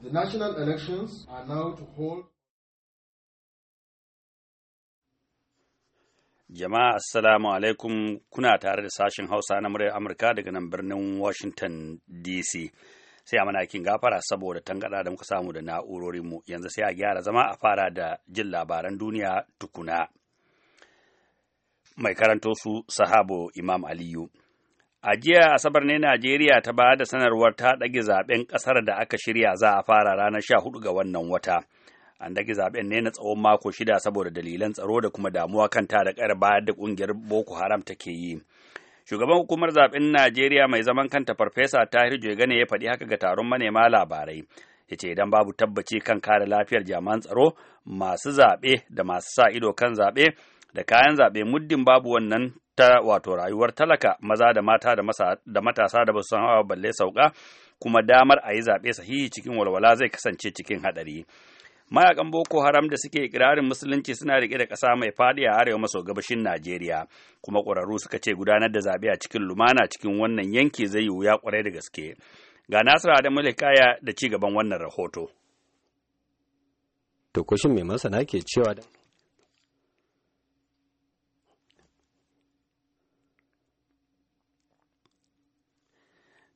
The national elections are now to hold Jama'a Assalamu alaikum kuna tare da sashen Hausa na muryar Amurka daga nan birnin Washington DC. Sai a mana gafara saboda tangada da muka samu da na'urorinmu yanzu sai a gyara zama a fara da jin labaran duniya tukuna. Mai karanto su sahabo Imam Aliyu. A jiya Asabar ne Najeriya ta ba da sanarwar ta ɗage zaɓen ƙasar da aka shirya za a fara ranar sha hudu ga wannan wata. An ɗage zaɓen ne na tsawon mako shida saboda dalilan tsaro da kuma damuwa kan ta da ƙara bayar da ƙungiyar Boko Haram ke yi. Shugaban hukumar zaɓen Najeriya mai zaman kanta Farfesa Tahir Jogane ya faɗi haka ga taron manema labarai. ya ce idan babu tabbaci kan kare lafiyar jami'an tsaro masu zaɓe da masu sa ido kan zaɓe da kayan zaɓe muddin babu wannan ta wato rayuwar talaka maza da mata da matasa da basu san hawa balle sauka kuma damar a yi zaɓe sahihi cikin walwala zai kasance cikin haɗari. mayakan boko haram da suke ikirarin musulunci suna riƙe da ƙasa mai faɗi a arewa maso gabashin najeriya kuma ƙwararru suka ce gudanar da zaɓe a cikin lumana cikin wannan yanki zai yi wuya ƙwarai da gaske ga nasiru adamu likaya da ci gaban wannan rahoto to mai masana ke cewa da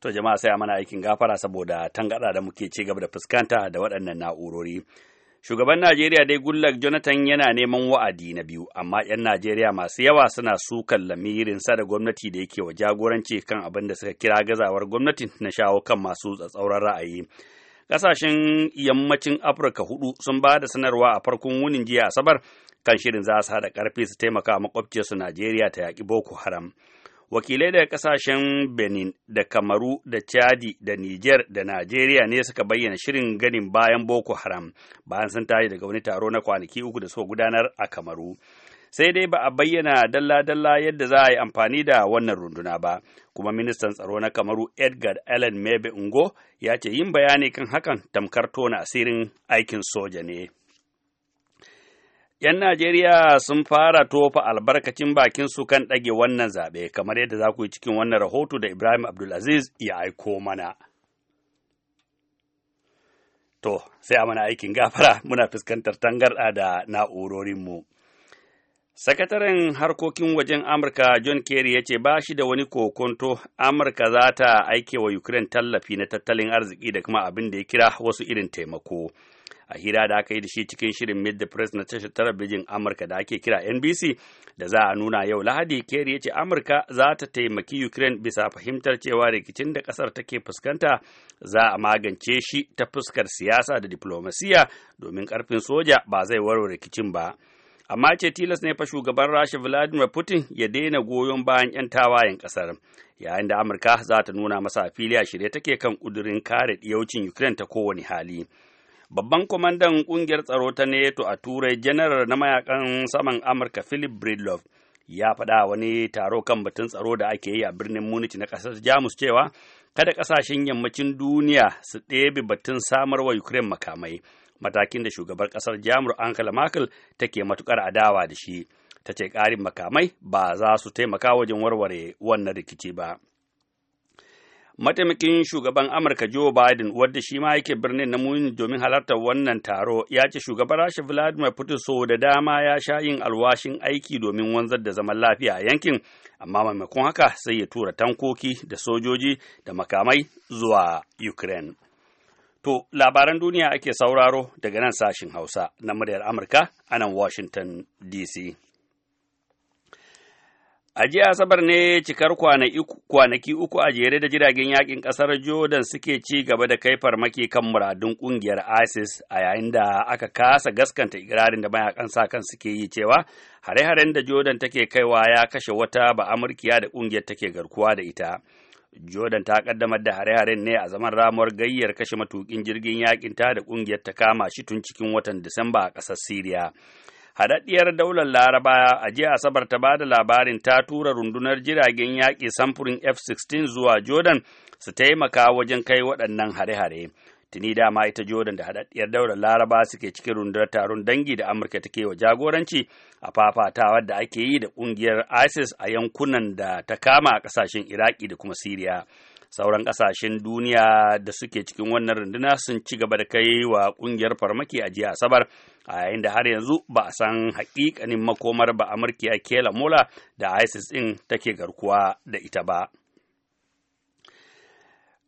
To jama'a sai mana aikin gafara saboda tangaɗa da muke ci gaba da fuskanta da waɗannan na'urori. Shugaban Najeriya dai Gullak Jonathan yana neman wa'adi na biyu, amma 'yan Najeriya masu yawa suna sukan lamirinsa da gwamnati da yake wa jagoranci kan abin da suka kira gazawar gwamnatin na shawo kan masu tsatsauran ra'ayi. Ƙasashen yammacin Afirka hudu sun ba da sanarwa a farkon wunin jiya Asabar kan shirin za su haɗa ƙarfi su taimaka maƙwabciyarsu Najeriya ta yaƙi Boko Haram. wakilai daga kasashen benin da kamaru da chadi da niger da najeriya ne suka bayyana shirin ganin bayan boko haram bayan sun tashi daga wani taro na kwanaki uku da suka gudanar a kamaru sai dai ba a bayyana dalla-dalla yadda za a yi amfani da wannan runduna ba kuma ministan tsaro na kamaru edgar allen mebe ungo ya ce yin bayani kan hakan tamkar tona asirin aikin soja ne. ‘Yan Najeriya sun fara tofa albarkacin bakin su kan ɗage wannan zaɓe, kamar yadda za ku yi cikin wannan rahoto da Ibrahim Abdulaziz ya aiko mana. To, sai a mana aikin gafara muna fuskantar tangarɗa da na'urorinmu. Sakataren harkokin wajen Amurka John Kerry ya ce ba shi da wani kokonto Amurka za ta aike wa Ukraine tallafi na tattalin arziki da kuma abin da ya kira wasu irin taimako. a hira da aka yi da shi cikin shirin mid the press na tashar talabijin amurka da ake kira nbc da za a nuna yau lahadi kerry ya ce amurka za ta taimaki ukraine bisa fahimtar cewa rikicin da kasar take fuskanta za a magance shi ta fuskar siyasa da diplomasiya domin karfin soja ba zai warwa rikicin ba amma ce tilas ne fa shugaban rasha vladimir putin ya daina goyon bayan 'yan tawayen ƙasar, yayin da amurka za ta nuna masa fili a shirye take kan kudurin kare ɗiyaucin ukraine ta kowane hali Babban kwamandan ƙungiyar tsaro ta NATO a Turai janar na mayakan saman Amurka Philip Breedlove ya faɗa wani taro kan batun tsaro da ake yi a birnin Munich na ƙasar Jamus cewa kada ƙasashen yammacin duniya su ɗebe batun samarwa wa Ukraine makamai, matakin da shugabar ƙasar Jamus Angela Merkel take matukar adawa da shi. Ta ce ƙarin makamai ba za su taimaka wajen warware wannan rikici ba. mataimakin shugaban amurka joe biden wadda shi ma yake birnin na muni domin halartar wannan taro ya ce shugaban rasha vladimir putin so da dama ya sha yin alwashin aiki domin wanzar da zaman lafiya a yankin amma maimakon haka sai ya tura tankoki da sojoji da makamai zuwa ukraine to labaran duniya ake sauraro daga nan sashin hausa na muryar amurka a nan washington dc A jiya Asabar ne cikar kwanaki uku a jere da jiragen yakin ƙasar Jordan suke ci gaba da kai farmaki kan muradun ƙungiyar ISIS a yayin da aka kasa gaskanta ikirarin da mayakan sa kan suke yi cewa hare-haren da Jordan take kaiwa ya kashe wata ba Amurkiya da ƙungiyar take garkuwa da ita. Jordan ta kaddamar da hare-haren ne a zaman ramuwar gayyar kashe matukin jirgin yakin ta da ƙungiyar ta kama shi tun cikin watan Disamba a ƙasar Siriya. Haɗaɗɗiyar daular Laraba a jiya Asabar ta ba da labarin ta tura rundunar jiragen yaƙi samfurin F-16 zuwa Jordan su taimaka wajen kai waɗannan hare-hare. Tuni dama ita Jordan da haɗaɗɗiyar daular Laraba suke cikin rundunar taron dangi da Amurka take wa jagoranci a fafatawa da ake yi da ƙungiyar ISIS a yankunan da ta kama a ƙasashen iraƙi da kuma Siriya. sauran ƙasashen duniya da suke cikin wannan runduna sun ci gaba da kai wa ƙungiyar farmaki a jiya asabar a yayin da har yanzu ba a san haƙiƙanin makomar ba a kela mola da isis ɗin take garkuwa da ita ba.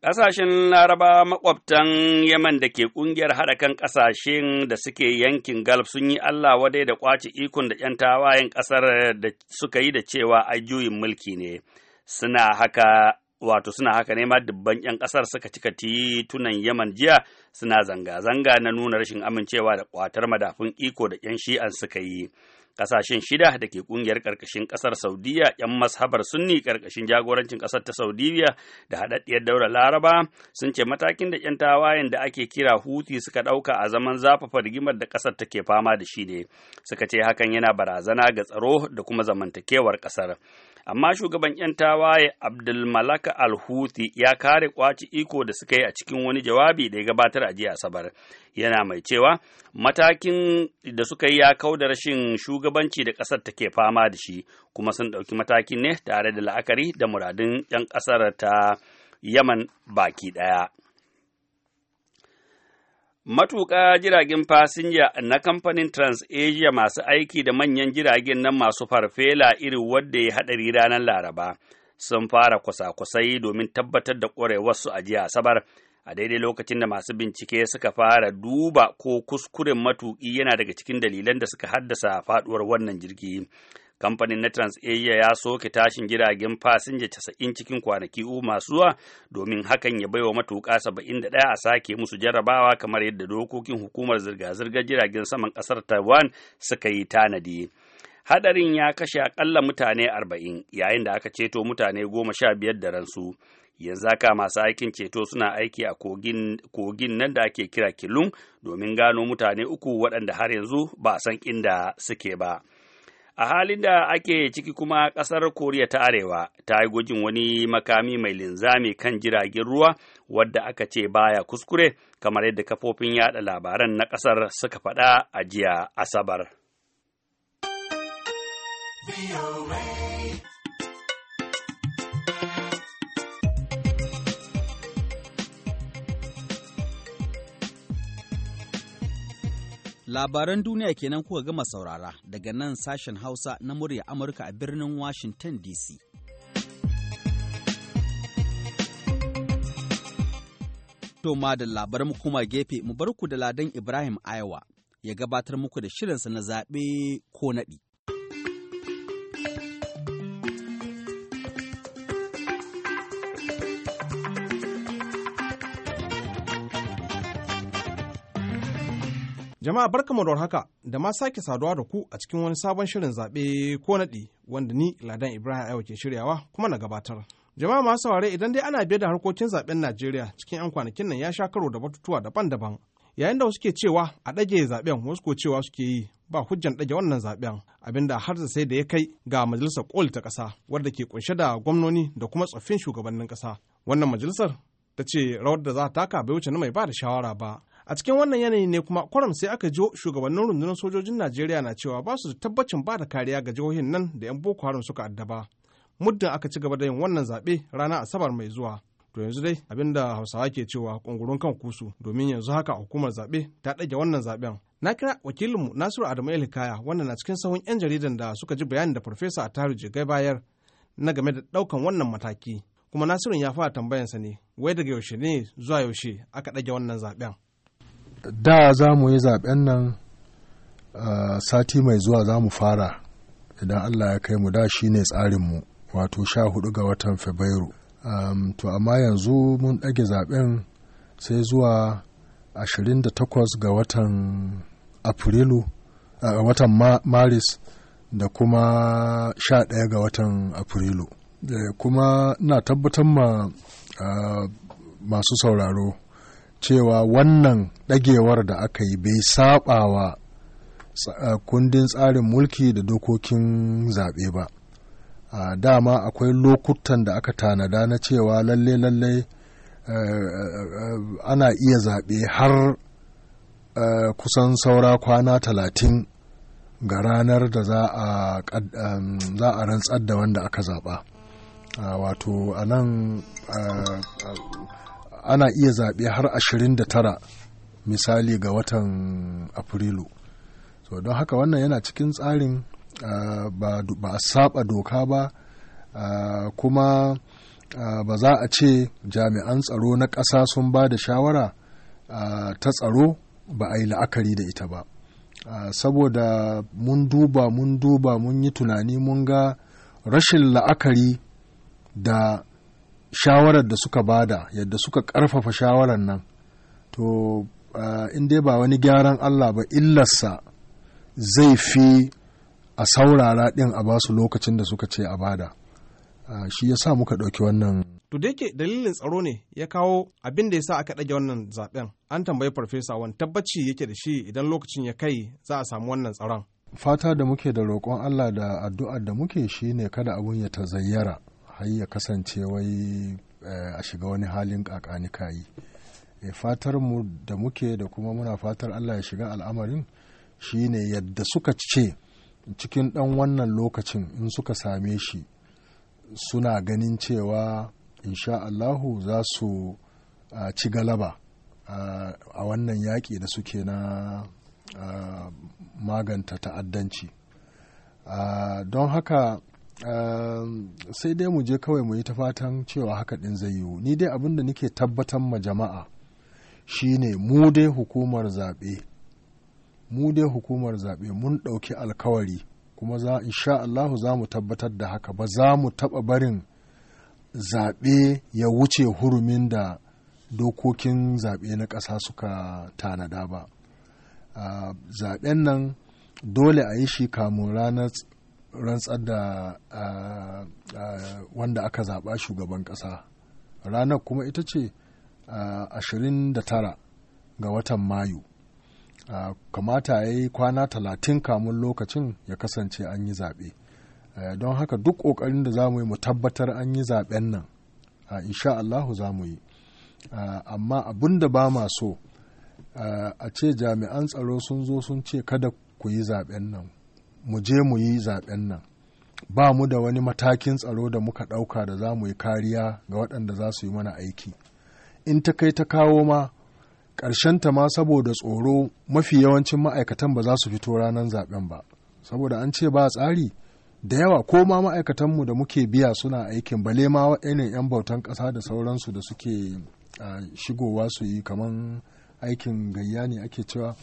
Ƙasashen Laraba makwabtan Yaman da ke ƙungiyar haɗa kan ƙasashen da suke yankin Gulf sun yi Allah wadai da ƙwace ikon da ‘yan tawayen ƙasar da suka yi da cewa ajiyoyin mulki ne. Suna haka wato suna haka ne ma dubban 'yan kasar suka cika titunan yaman jiya suna zanga-zanga na nuna rashin amincewa da kwatar madafun iko da 'yan shi'an suka yi kasashen shida da ke kungiyar karkashin kasar saudiya 'yan mashabar sunni karkashin jagorancin kasar ta saudiya da haɗaɗɗiyar daular laraba sun ce matakin da 'yan tawayen da ake kira huti suka ɗauka a zaman zafafa rigimar da kasar take fama da shi ne suka ce hakan yana barazana ga tsaro da kuma zamantakewar kasar amma shugaban 'yan tawaye Abdulmalaka Alhuthi ya kare kwaci iko da suka yi a cikin wani jawabi da ya gabatar a jiya Asabar. Yana mai cewa matakin da suka yi ya kau da rashin shugabanci da ƙasar take fama da shi, kuma sun ɗauki matakin ne tare da la'akari da muradun 'yan ƙasar ta Yaman baki ɗaya. Matuƙa jiragen fasinja na kamfanin TransAsia masu aiki da manyan jiragen nan masu farfela irin wadda ya haɗari ranar Laraba sun fara kwasa-kwasai domin tabbatar da ƙwarewarsu a jiya Asabar. a daidai lokacin da masu bincike suka fara duba ko kuskuren matuƙi yana daga cikin dalilan da suka haddasa faɗuwar wannan jirgi kamfanin na transasia e ya soke tashin jiragen fasinja casa'in cikin kwanaki uku masu zuwa domin hakan ya baiwa matuƙa saba'in da ɗaya a sake musu jarrabawa kamar yadda dokokin hukumar zirga-zirgar jiragen saman ƙasar taiwan suka yi tanadi hadarin ya kashe akalla mutane arba'in yayin da aka ceto mutane goma sha biyar da ransu yanzu haka masu aikin ceto suna aiki a kogin nan da ake kira kilun domin gano mutane uku waɗanda har yanzu ba a san inda suke ba. a halin da ake ciki kuma ƙasar koriya ta arewa ta yi gwajin wani makami mai linzami kan jiragen ruwa wadda aka ce baya kuskure kamar yadda kafofin yada labaran na ƙasar suka faɗa a jiya asabar. Labaran duniya kenan kuka gama saurara daga nan sashen Hausa na murya Amurka a birnin Washington DC. To ma da labaran kuma gefe mu bar ku da ladan Ibrahim Ayawa ya gabatar muku da shirinsa na zaɓe ko naɗi. Jama'a barkamu da haka da ma sake saduwa da ku a cikin wani sabon shirin zaɓe ko naɗi wanda ni Ladan Ibrahim Ayo ke shiryawa kuma na gabatar. Jama'a masu saurare idan dai ana biye da harkokin zaɓen Najeriya cikin 'yan kwanakin nan ya sha karo da batutuwa daban-daban. Yayin da wasu ke cewa a ɗage zaɓen wasu ko cewa suke yi ba hujjan ɗage wannan zaɓen abinda har da sai da ya kai ga majalisar koli ta ƙasa wadda ke kunshe da gwamnoni da kuma tsoffin shugabannin ƙasa. Wannan majalisar ta ce rawar da za ta taka bai wuce na mai ba da shawara ba a cikin wannan yanayi ne kuma kwaram sai aka jo shugabannin rundunar sojojin najeriya na cewa ba su tabbacin ba da kariya ga jihohin nan da 'yan boko haram suka addaba muddin aka ci gaba da yin wannan zaɓe rana asabar mai zuwa to yanzu dai abinda hausawa ke cewa kungurun kan kusu domin yanzu haka hukumar zaɓe ta ɗage wannan zaɓen na kira wakilinmu nasiru adamu Elikaya, wanda na cikin sahun 'yan jaridan da suka ji bayani da farfesa ataru jigai bayar na game da ɗaukan wannan mataki kuma nasirun ya fara tambayansa ne wai daga yaushe ne zuwa yaushe aka ɗage wannan zaɓen da za mu yi zaɓen nan sati mai zuwa za mu fara idan allah ya kai mu da shi ne tsarinmu wato sha hudu ga watan fabrairu to amma yanzu mun ɗage zaɓen sai zuwa 28 ga watan afrilu a watan maris da kuma sha ɗaya ga watan afrilu eh, kuma na tabbatar ma masu sauraro cewa wannan ɗagewar da aka yi bai saɓawa kundin tsarin mulki da dokokin zaɓe ba a dama akwai lokutan da aka tanada na cewa lalle lalle ana iya zaɓe har kusan saura kwana talatin ga ranar da za a um, rantsar da wanda aka zaɓa wato a nan ana iya zaɓe har 29 misali ga watan afrilu so don haka wannan yana cikin tsarin uh, ba a saba doka ba uh, kuma uh, ba za a ce jami'an tsaro na ƙasa sun ba da shawara ta tsaro ba a yi la'akari da ita ba saboda mun duba mun duba mun yi tunani mun ga rashin la'akari da shawarar da suka bada yadda suka ƙarfafa shawarar nan to in dai ba wani gyaran Allah ba illarsa zai fi a saurara ɗin a basu lokacin da suka ce a bada shi ya sa muka ɗauki wannan to da yake dalilin tsaro ne ya kawo abin da ya sa aka ɗage wannan zaɓen an tambayi farfesa wani tabbaci yake da shi idan lokacin ya kai za a samu wannan tsaron fata da muke da roƙon Allah da addu'ar da muke shi ne kada abun ya ta zayyara. har ya kasance wai eh, a shiga wani halin kakani kayi eh, fatar mu da muke da kuma muna fatar allah ya shiga al'amarin shine yadda suka ce cikin ɗan wannan lokacin in suka same shi suna ganin cewa insha allahu za su ci galaba a wannan yaƙi da suke na maganta ta'addanci don haka Ehm, sai dai mu je kawai mu yi ta fatan cewa haka din zai yiwu ni dai abinda da nake tabbatar ma jama'a shine mu dai hukumar zaɓe mu dai hukumar zaɓe mun ɗauki alkawari kuma za insha Allahu za mu tabbatar da haka ba za mu taɓa barin zaɓe ya wuce hurumin da dokokin zaɓe na ƙasa suka tanada ba ehm, zaɓen nan dole a yi shi kamun ranar rantsar da wanda aka zaɓa shugaban ƙasa ranar kuma ita ce 29 ga watan mayu kamata ya yi kwana 30 kamun lokacin ya kasance an yi zaɓe don haka duk ƙoƙarin da za mu yi mu tabbatar an yi zaɓen nan insha Allahu za mu yi amma abin da ba ma so a ce jami'an tsaro sun zo sun ce kada ku yi zaɓen nan mu je mu yi zaɓen nan ba mu da wani matakin tsaro da muka ɗauka da za mu yi kariya ga waɗanda za su yi mana aiki in ta kai ta kawo ma ta ma saboda tsoro mafi yawancin ma'aikatan ba za su fito ranar zaɓen ba saboda an ce ba tsari da yawa ko ma ma'aikatanmu da muke biya suna aikin bale ma waɗannan 'yan bautan ƙasa da sauransu da suke shigowa su yi kamar aikin gayya ne ake cewa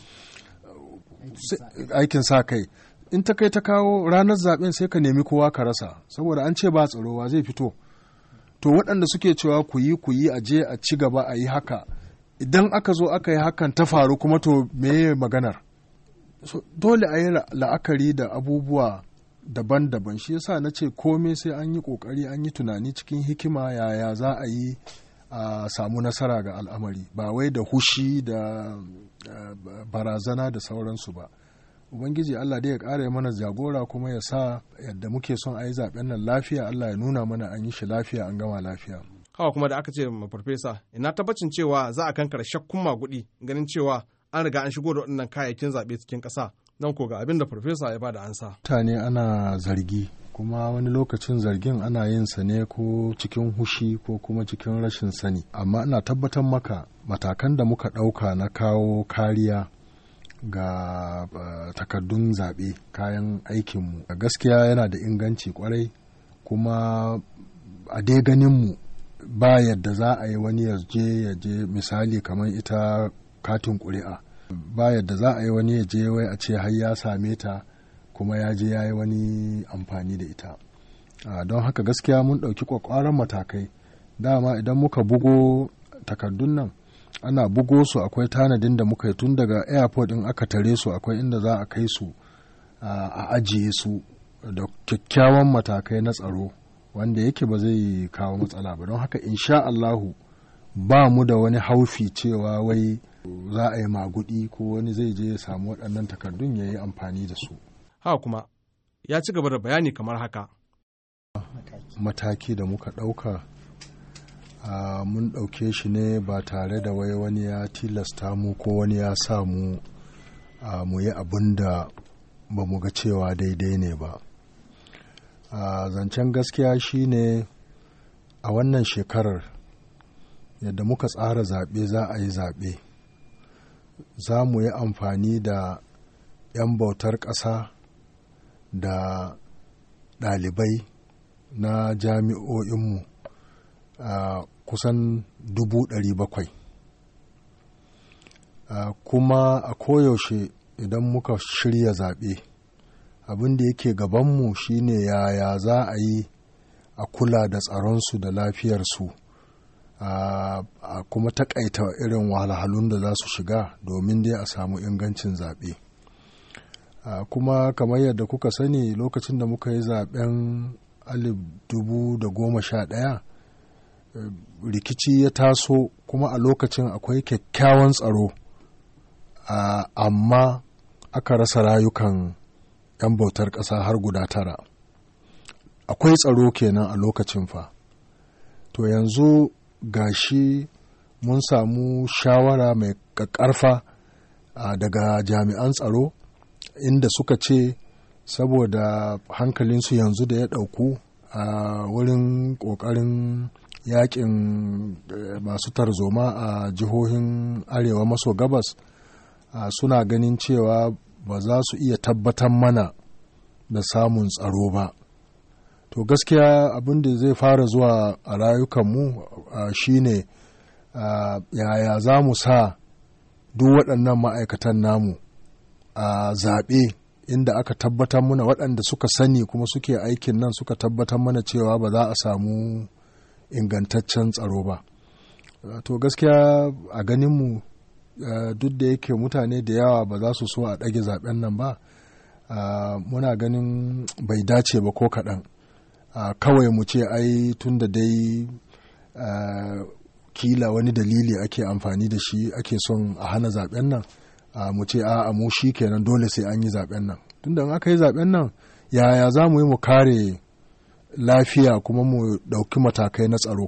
aikin sa kai in ta kai ta kawo ranar zaben sai ka nemi kowa ka rasa saboda an ce ba tsaro zai fito to waɗanda suke cewa ku yi ku yi a je a ci gaba a yi haka idan aka zo aka yi hakan ta faru kuma to me maganar so, dole a yi la'akari da abubuwa daban-daban shi yasa na ce komai sai an yi ƙoƙari an yi tunani cikin hikima yaya za a yi a samu nasara ga al'amari ba wai da hushi da eh, barazana da sauransu ba ubangiji allah dai ya ƙara mana jagora kuma ya sa yadda muke son a yi zaɓen nan lafiya allah ya nuna mana an yi shi lafiya an gama lafiya hawa kuma da aka ce ma farfesa ina tabbacin cewa za a kankara shakkun maguɗi ganin cewa an riga an shigo da waɗannan kayayyakin zaɓe cikin ƙasa don ko ga abin da farfesa ya bada ansa mutane ana zargi kuma wani lokacin zargin ana yin sa ne ko cikin hushi ko kuma cikin rashin sani amma ina tabbatar maka matakan da muka ɗauka na kawo kariya ga eh, takardun zaɓe kayan aikinmu gaskiya yana da inganci kwarai kuma a dai ganinmu ba yadda za a yi wani yaje yaje misali kamar ita katin ƙuri'a ba yadda za a yi wani yaje wai a ce har ya same ta kuma ya je ya yi wani amfani da ita ah, don haka gaskiya mun ɗauki ƙwaƙwaran matakai dama idan muka bugo takardun nan ana bugo su akwai tanadin da muka yi tun daga airport in aka tare su akwai inda za a kai su a ajiye su da kyakkyawan matakai na tsaro wanda yake ba zai kawo matsala ba don haka insha Allahu ba mu da wani haufi cewa wai za a yi magudi ko wani zai je ya samu waɗannan takardun ya yi amfani da su. Ha kuma ya ci gaba da bayani kamar haka. Mataki da muka ɗauka mun ɗauke shi ne ba tare da wai wani ya tilasta mu ko wani ya sa mu mu yi abin da ba mu ga cewa daidai ne ba zancen gaskiya shi ne a wannan shekarar yadda muka tsara zaɓe za a yi zaɓe za mu yi amfani da 'yan bautar ƙasa da ɗalibai na jami'o'inmu kusan dubu ɗari bakwai kuma a koyaushe idan muka shirya zaɓe abin da yake gabanmu shine yaya za a yi a kula da tsaronsu da lafiyarsu a kuma taƙaita irin wahalhalun da za su shiga domin dai a samu ingancin zaɓe kuma kamar yadda kuka sani lokacin da muka yi zaɓen alif dubu da goma sha ɗaya Eh, rikici ya taso kuma a lokacin akwai kyakkyawan tsaro amma aka rasa rayukan 'yan bautar ƙasa har guda tara akwai tsaro kenan a lokacin fa to yanzu gashi mun samu shawara mai ƙarfa daga jami'an tsaro inda suka ce saboda hankalinsu yanzu da ya ɗauku a wurin ƙoƙarin yakin eh, masu tarzoma a jihohin arewa maso gabas suna ganin cewa ba za su iya tabbatar mana da samun tsaro ba to gaskiya abin da zai fara zuwa a rayukanmu shine yaya za mu sa duk waɗannan ma'aikatan namu a zaɓe inda aka tabbatar mana waɗanda suka sani kuma suke aikin nan suka tabbatar mana cewa ba za a samu ingantaccen tsaro ba uh, to gaskiya a ganinmu uh, duk da yake mutane da yawa ba za su so a ɗage zaben nan ba uh, muna ganin bai dace ba ko kaɗan kawai mu ce ai tun da dai kila wani dalili ake amfani da shi ake son a hana zaben nan mu ce a mu shi kenan dole sai an yi zaben nan tun da aka yi zaben nan yaya za mu yi mu kare lafiya kuma mu ɗauki matakai na tsaro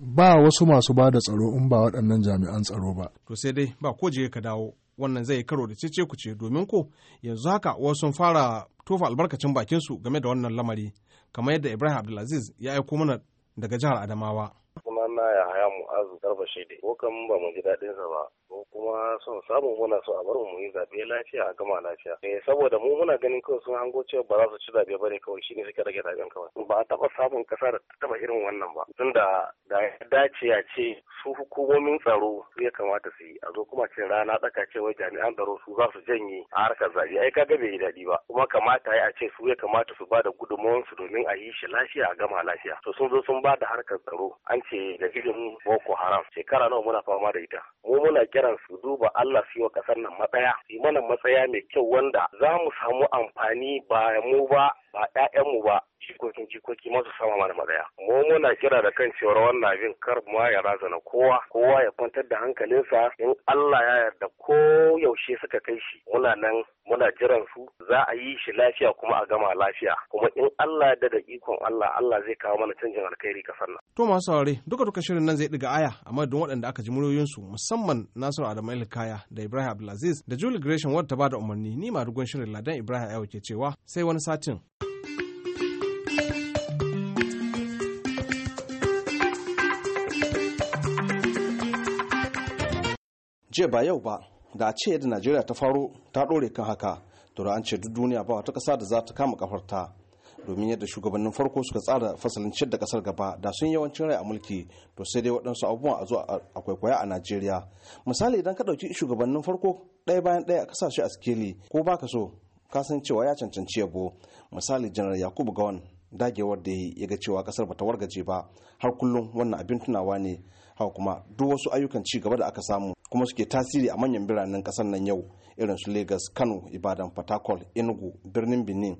ba wasu masu ba da tsaro in ba waɗannan jami'an tsaro ba. To sai dai ba ko ka dawo wannan zai karo da cece ce domin ko yanzu haka wasu sun fara tofa albarkacin bakin su game da wannan lamari kamar yadda Ibrahim Abdulaziz ya aiko mana daga jihar Adamawa. Sunana Yahaya Mu'azu Garba Shede, ko ba mu ji daɗinsa ba. ko kuma son samu muna so a bar mu yi zabe lafiya a gama lafiya eh saboda mu muna ganin kawai sun hango cewa ba za su ci zabe ba ne kawai shine suke rage zaɓen kawai ba a taɓa samun kasar da ta taɓa irin wannan ba tunda da ya dace a ce su hukumomin tsaro su ya kamata su yi a zo kuma cin rana tsaka cewa jami'an tsaro su za su janye a harkar zabe ai kaga bai yi daɗi ba kuma kamata ya ce su ya kamata su ba da su domin a yi shi lafiya a gama lafiya to sun zo sun ba da harkar tsaro an ce da irin boko haram shekara nawa muna fama da ita mu muna kira kiran su duba Allah su yi nan matsaya su mana matsaya mai kyau wanda za mu samu amfani ba mu ba ba ƴaƴanmu ba jikokin jikoki masu sama mana matsaya mu muna kira da kan cewar wannan abin kar mu ya razana kowa kowa ya kwantar da hankalinsa in Allah ya yarda ko yaushe suka kai shi muna nan muna jiran su za a yi shi lafiya kuma a gama lafiya kuma in Allah ya da ikon Allah Allah zai kawo mana canjin alkhairi kasar nan to masu saurare duka duka shirin nan zai diga aya amma don waɗanda aka ji muryoyin su musamman Nasiru Adamu Kaya da Ibrahim Abdulaziz da Julie Gresham wadda ta bada umarni ni ma shirin Ladan Ibrahim Ayo ke cewa sai wani satin jiya ba yau ba da a ce yadda najeriya ta faro ta ɗore kan haka to da an ce duk duniya ba wata ƙasa da za ta kama kafarta domin yadda shugabannin farko suka tsara fasalin ciyar da kasar gaba da sun yawancin rai a mulki to sai dai waɗansu abubuwan a zo a kwaikwaya a najeriya misali idan ka ɗauki shugabannin farko ɗaya bayan ɗaya a ƙasashe a sikeli ko ba ka so ka san cewa ya cancanci yabo misali janar yakubu gawan dagewar da ya ga cewa kasar bata wargaje ba har kullum wannan abin tunawa ne haka kuma duk wasu ayyukan ci gaba da aka samu kuma suke tasiri a manyan biranen kasar nan yau irin su Lagos, Kano, Ibadan, Port Enugu, birnin Benin.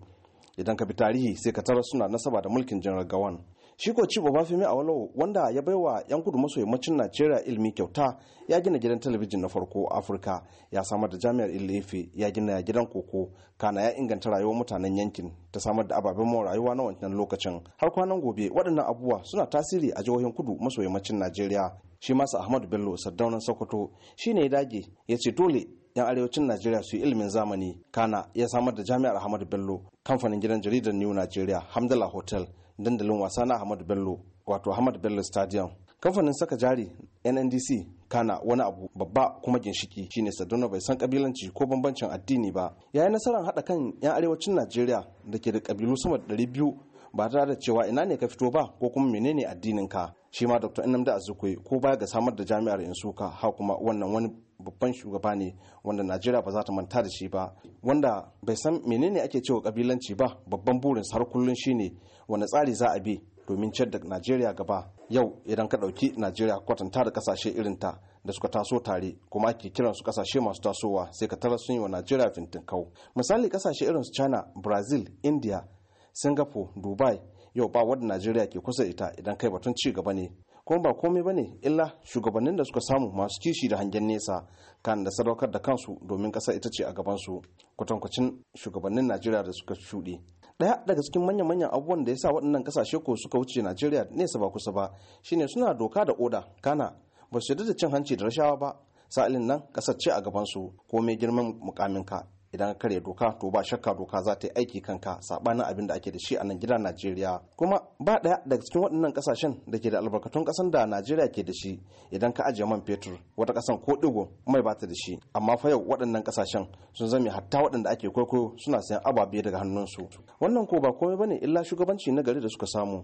Idan ka bi tarihi sai ka tarar suna nasaba da mulkin General Gawan. shi ko ci fimi a walau wanda ya bai wa yan kudu maso yammacin najeriya ilimi kyauta ya gina gidan talabijin na farko afirka ya samar da jami'ar ilefe ya gina gidan koko kana ya inganta rayuwar mutanen yankin ta samar da ababen mawa rayuwa na wancan lokacin har kwanan gobe waɗannan abubuwa suna tasiri a jihohin kudu maso yammacin najeriya shi masa ahmadu bello sardaunan sokoto shi ne ya dage ya ce dole 'yan arewacin najeriya su yi ilimin zamani kana ya samar da jami'ar ahmadu bello kamfanin gidan jaridar new nigeria hamdala hotel dandalin wasa na Ahmad Bello wato Ahmad Bello Stadium. Kamfanin saka jari NNDC kana wani abu babba kuma ginshiki shine Saduna bai san kabilanci ko bambancin addini ba. Yayin nasarar haɗa kan 'yan arewacin Najeriya da ke da kabilu sama da biyu ba tare da cewa ina ne ka fito ba ko kuma menene addinin ka. Shi ma Dr. Nnamdi Azukwe ko baya ga samar da jami'ar Insuka ha kuma wannan wani babban shugaba ne wanda najeriya ba za ta manta da shi ba wanda bai san menene ake cewa kabilanci ba babban burin har kullum shine wani tsari za a bi domin ciyar da najeriya gaba yau idan ka ɗauki najeriya kwatanta da ƙasashe ta da suka taso tare kuma ake kiransu kasashe masu tasowa sai ka tara sun yi wa najeriya fintinkau misali kasashe su china brazil india singapore dubai yau ba wadda najeriya ke kusa ita idan kai batun ci gaba ne kuma ba komai ba ne illa shugabannin da suka samu masu kishi da hangen nesa kan da sadaukar da kansu domin kasa ita ce a gabansu kwatankwacin shugabannin najeriya da suka shuɗe ɗaya daga cikin manya-manyan abubuwan da ya sa waɗannan ƙasashe ko suka wuce najeriya nesa ba kusa ba shine suna doka da oda kana ba su yarda da cin hanci da rashawa ba sa'ilin nan ƙasar ce a gabansu komai girman mukaminka idan ka karya doka to ba shakka doka za ta yi aiki kanka sabanin abin da ake da shi a nan gida Najeriya kuma ba daya daga cikin waɗannan kasashen da ke da albarkatun kasan da Najeriya ke da shi idan ka ajiye man fetur wata kasan ko digo mai ba ta da shi amma fa yau waɗannan kasashen sun zame hatta waɗanda ake kwaikwayo suna sayan ababe daga hannunsu wannan ko ba komai bane illa shugabanci na gari da suka samu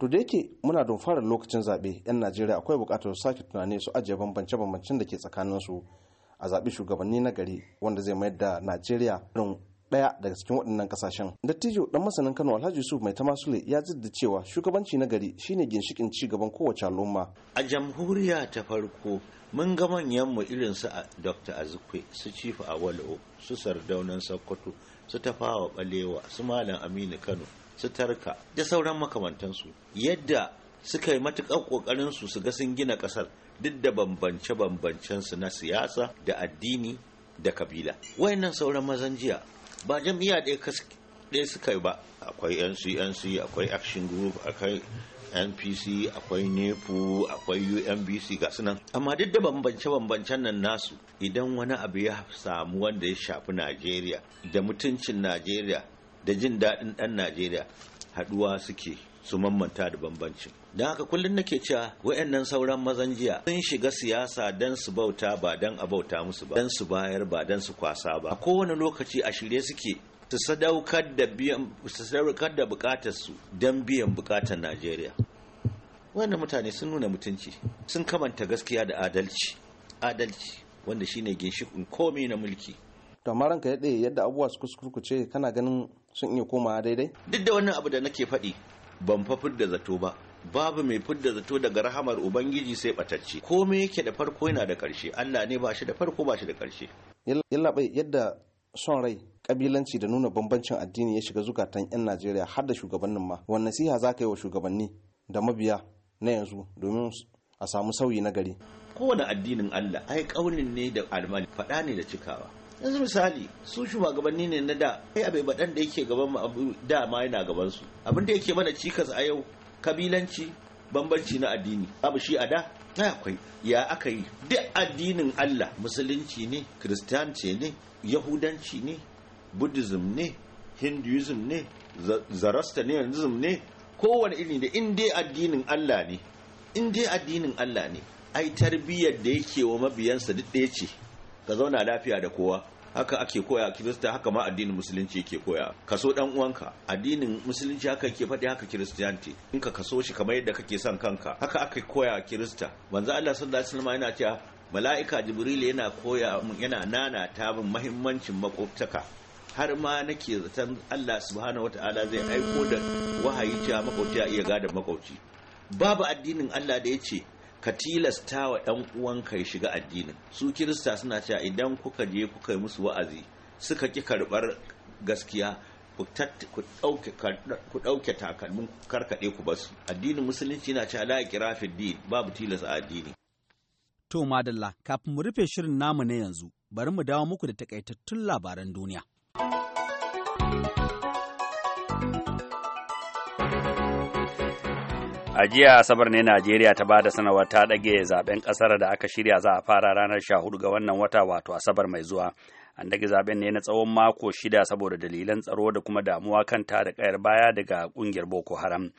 to da yake muna don fara lokacin zaɓe 'yan najeriya akwai buƙatar sake tunani su ajiye bambance-bambancen da ke tsakaninsu a zaɓi shugabanni na gari wanda zai mayar da najeriya irin ɗaya daga cikin waɗannan ƙasashen. Dattijo dan masanin Kano Alhaji Yusuf Mai Tamasule ya jidda cewa shugabanci na gari shine ginshikin ci gaban kowace al'umma. A jamhuriya ta farko mun ga mu irin su ah, Dr. Azikwe, su cifa Awalo, su Sardaunan Sokoto, su Tafawa Balewa, su Malam Aminu Kano, su Tarka da sauran makamantansu. Yadda suka yi matuƙar ƙoƙarin su su ga sun gina ƙasar duk da bambance-bambancensu na siyasa da addini da kabila wayannan sauran mazan jiya ba jam'iyya ɗaya suka yi ba akwai ncnc akwai action group akwai npc akwai nepu akwai umbc ga nan. amma duk da bambance-bambancen nan nasu idan wani abu ya samu wanda ya shafi najeriya da mutuncin najeriya da jin daɗin ɗan najeriya haɗuwa suke su mamanta da bambancin don haka kullum nake cewa wayannan sauran mazan jiya sun shiga siyasa don su bauta ba don a bauta musu ba don su bayar ba don su kwasa ba a kowane lokaci a shirye suke su sadaukar da biyan su sadaukar da bukatar su don biyan bukatar Najeriya wannan mutane sun nuna mutunci sun kamanta gaskiya da adalci adalci wanda shine ginshikin komai na mulki to amma ranka yadda yadda abubuwa su kuskurkuce kana ganin sun iya komawa daidai duk da wannan abu da nake faɗi ban fa da zato ba babu mai fidda zato daga rahamar ubangiji sai batacce komai yake da farko yana da karshe Allah ne ba shi da farko ba shi da ƙarshe yallaɓai yadda son rai kabilanci da nuna bambancin addini ya shiga zukatan 'yan najeriya har da shugabannin ma wani nasiha za ka yi wa shugabanni da mabiya na yanzu domin a samu sauyi na gari kowane addinin allah ai kaunin ne da almani faɗa ne da cikawa yanzu misali su shugabanni ne na da kai abai badan da yake gaban da ma yana gaban su abin da yake mana cikas a yau kabilanci bambanci na addini abu shi a da ta akwai ya aka yi duk addinin Allah musulunci ne kiristanci ne yahudanci ne buddhism ne hinduism ne zarastanism ne kowane iri da in dai addinin Allah ne in dai addinin Allah ne ai tarbiyyar da yake wa mabiyansa duk ɗaya ce ka zauna lafiya da kowa haka ake koya kirista haka ma addinin musulunci yake koya kaso dan uwanka addinin musulunci haka yake faɗi haka kiristiyanti in ka kaso shi kamar yadda kake son kanka haka ake koya kirista manzo Allah sallallahu alaihi wasallam yana cewa mala'ika jibril yana koya yana nana tabin muhimmancin makoftaka har ma nake zaton Allah subhanahu wataala zai aiko da wahayi cewa makwabci a iya gada makwabci babu addinin Allah da ya ce ka tilasta wa ɗan uwanka ya shiga addinin su kirista suna cewa idan kuka je kuka yi musu wa'azi suka ki karɓar gaskiya ku ɗauke takalmin karkaɗe ku basu addinin musulunci na cewa la'a kira din babu tilasta a addini to madalla kafin mu rufe shirin namu na yanzu bari mu dawo muku da takaitattun labaran duniya a jiya asabar ne najeriya ta bada sanarwar ta ɗage zaben ƙasar da aka shirya za a fara ranar sha hudu ga wannan wata wato asabar mai zuwa an dage zaben ne na tsawon mako shida saboda dalilan tsaro da kuma damuwa kan ta da kayar baya daga ƙungiyar boko haram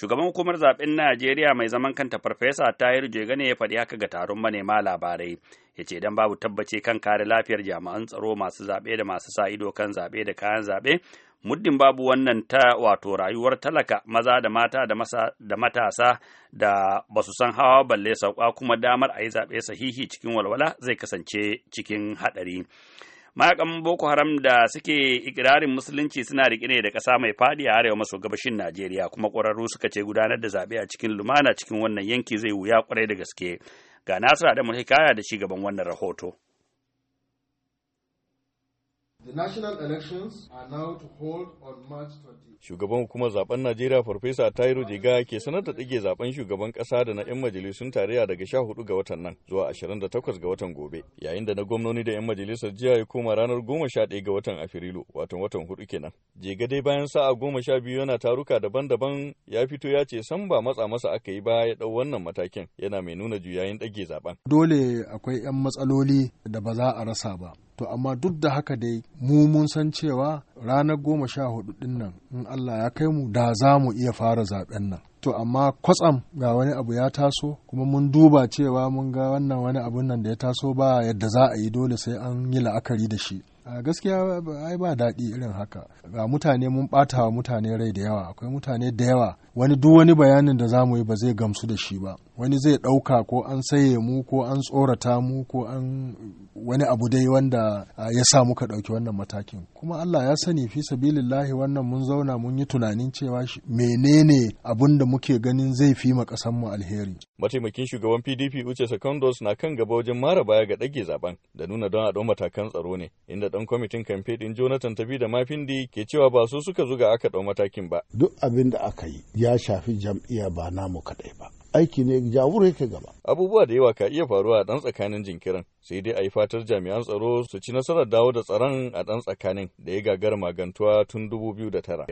shugaban hukumar zaben najeriya mai zaman kanta farfesa tahir jegane ya faɗi haka ga taron manema labarai ya ce idan babu tabbaci kan kare lafiyar jami'an tsaro masu zaɓe da masu sa ido kan zaɓe da kayan zaɓe muddin babu wannan ta wato rayuwar talaka maza da mata da, matasa da ba su san hawa balle sauka kuma damar a yi zaɓe sahihi cikin walwala zai kasance cikin haɗari. mayakan boko haram da suke ikirarin musulunci suna rike ne da ƙasa mai faɗi a arewa maso gabashin najeriya kuma ƙwararru suka ce gudanar da zaɓe a cikin lumana cikin wannan yanki zai wuya ƙwarai da gaske ga nasiru adamu hikaya da shi gaban wannan rahoto Shugaban hukumar zaben Najeriya Farfesa Tairo Jiga ke sanar da ɗage zaben shugaban ƙasa da na 'yan majalisun tarayya daga 14 ga watan nan zuwa 28 ga watan gobe, yayin da na gwamnoni da 'yan majalisar jiya ya koma ranar 11 ga watan Afrilu, watan watan hudu kenan. jega dai bayan sa'a 12 yana taruka daban-daban ya fito ya ce san ba matsa masa aka yi ba ya ɗau wannan matakin yana mai nuna juyayin ɗage zaben. Dole akwai 'yan matsaloli da ba za a rasa ba. to amma duk da haka dai mu mun san cewa ranar goma sha hudu din nan in Allah ya kai mu da za mu iya fara zaben nan to amma kwatsam ga wani abu ya taso kuma mun duba cewa mun ga wannan wani abun nan da ya taso ba yadda za a yi dole sai an yi la'akari da shi a gaskiya ai ba daɗi irin haka ga mutane mun ɓata wa mutane rai da yawa akwai mutane da yawa wani duk wani bayanin da za mu yi ba zai gamsu da shi ba wani zai ɗauka ko an saye mu ko an tsorata mu ko an wani abu dai wanda ya sa muka ɗauki wannan matakin kuma Allah ya sani fi sabilillahi wannan mun zauna mun yi tunanin cewa menene abun da muke ganin zai fi ma ƙasar mu alheri mataimakin shugaban PDP Uche Secondos na kan gaba wajen mara baya ga ɗage zaben da nuna don a ɗau matakan tsaro ne inda ɗan kwamitin kamfe ɗin Jonathan Tafi da Mafindi ke cewa ba su suka zuga aka ɗau matakin ba duk abin da aka yi ya shafi jam'iyya ba namu kaɗai ba. aiki ne jawur yake gaba. Abubuwa da yawa ka iya faruwa a ɗan tsakanin jinkirin, sai dai a yi fatar jami'an tsaro su ci nasarar dawo da tsaron a ɗan tsakanin da ya gagara magantuwa tun da tara.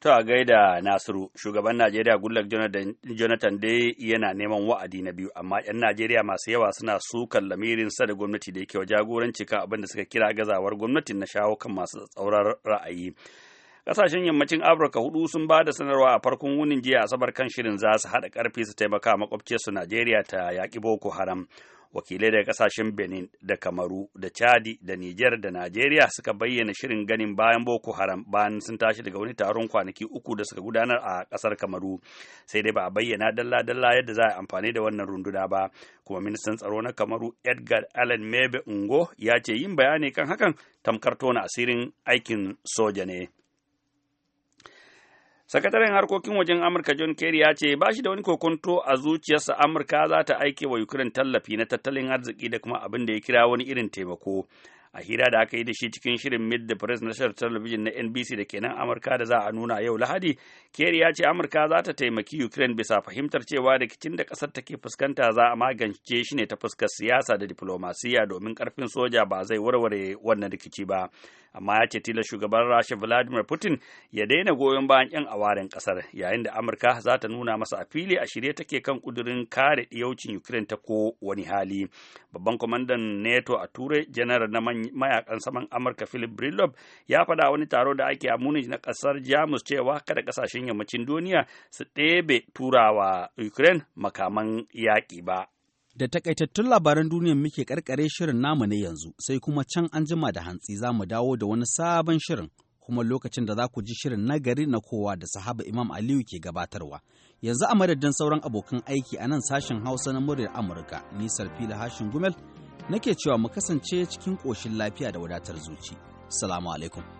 To a gaida Nasiru, shugaban Najeriya Gullak Jonathan dai yana neman wa'adi na biyu, amma 'yan Najeriya masu yawa suna sukan lamirin sa da gwamnati da yake wa jagoranci kan abin da suka kira gazawar gwamnatin na shawo kan masu tsaurar ra'ayi. Kasashen yammacin Afirka hudu sun ba da sanarwa a farkon wunin jiya Asabar kan shirin za su haɗa ƙarfi su taimaka makwabciyarsu Najeriya ta yaƙi Boko Haram. wakilai daga kasashen benin da kamaru da chadi da niger da najeriya suka bayyana shirin ganin bayan boko haram bayan sun tashi daga wani taron kwanaki uku da suka gudanar a ƙasar kamaru sai dai ba a bayyana dalla-dalla yadda za a amfani da wannan runduna ba kuma ministan tsaro na kamaru edgar allen mebe ungo ya ce yin bayani kan hakan tamkar tona asirin aikin soja ne Sakataren harkokin wajen Amurka John Kerry ya ce ba shi da wani kokonto a zuciyarsa Amurka za ta aike wa Ukraine tallafi na tattalin arziki da kuma abin da ya kira wani irin taimako. A hira da aka yi da shi cikin shirin Mid the Press na shirin talabijin na NBC da kenan Amurka da za a nuna yau Lahadi, Kerry ya ce Amurka za ta taimaki Ukraine bisa fahimtar cewa rikicin da ƙasar take fuskanta za a magance shi ne ta fuskar siyasa da diplomasiya domin ƙarfin soja ba zai warware wannan rikici ba. amma ya ce tilar shugaban rasha vladimir putin ya daina goyon bayan yan awaren kasar yayin da amurka za ta nuna masa a fili a shirye take kan kudurin kare diyaucin ukraine ta ko wani hali babban kwamandan nato a turai janar na mayakan saman amurka philip brillop ya faɗa wani taro da ake a munich na kasar jamus cewa kada kasashen yammacin duniya su ɗebe turawa ukraine makaman yaƙi ba Da takaitattun labaran duniyar muke karkare shirin namu na yanzu sai kuma can an jima da hantsi za mu dawo da wani sabon shirin kuma lokacin da za ku ji shirin nagari na kowa da sahaba Imam Aliyu ke gabatarwa. Yanzu a madadin sauran abokan aiki a nan sashen Hausa na muryar Amurka, nisar fili hashin gumel nake cewa mu kasance cikin ƙoshin lafiya da wadatar zuci. Salamu alaikum.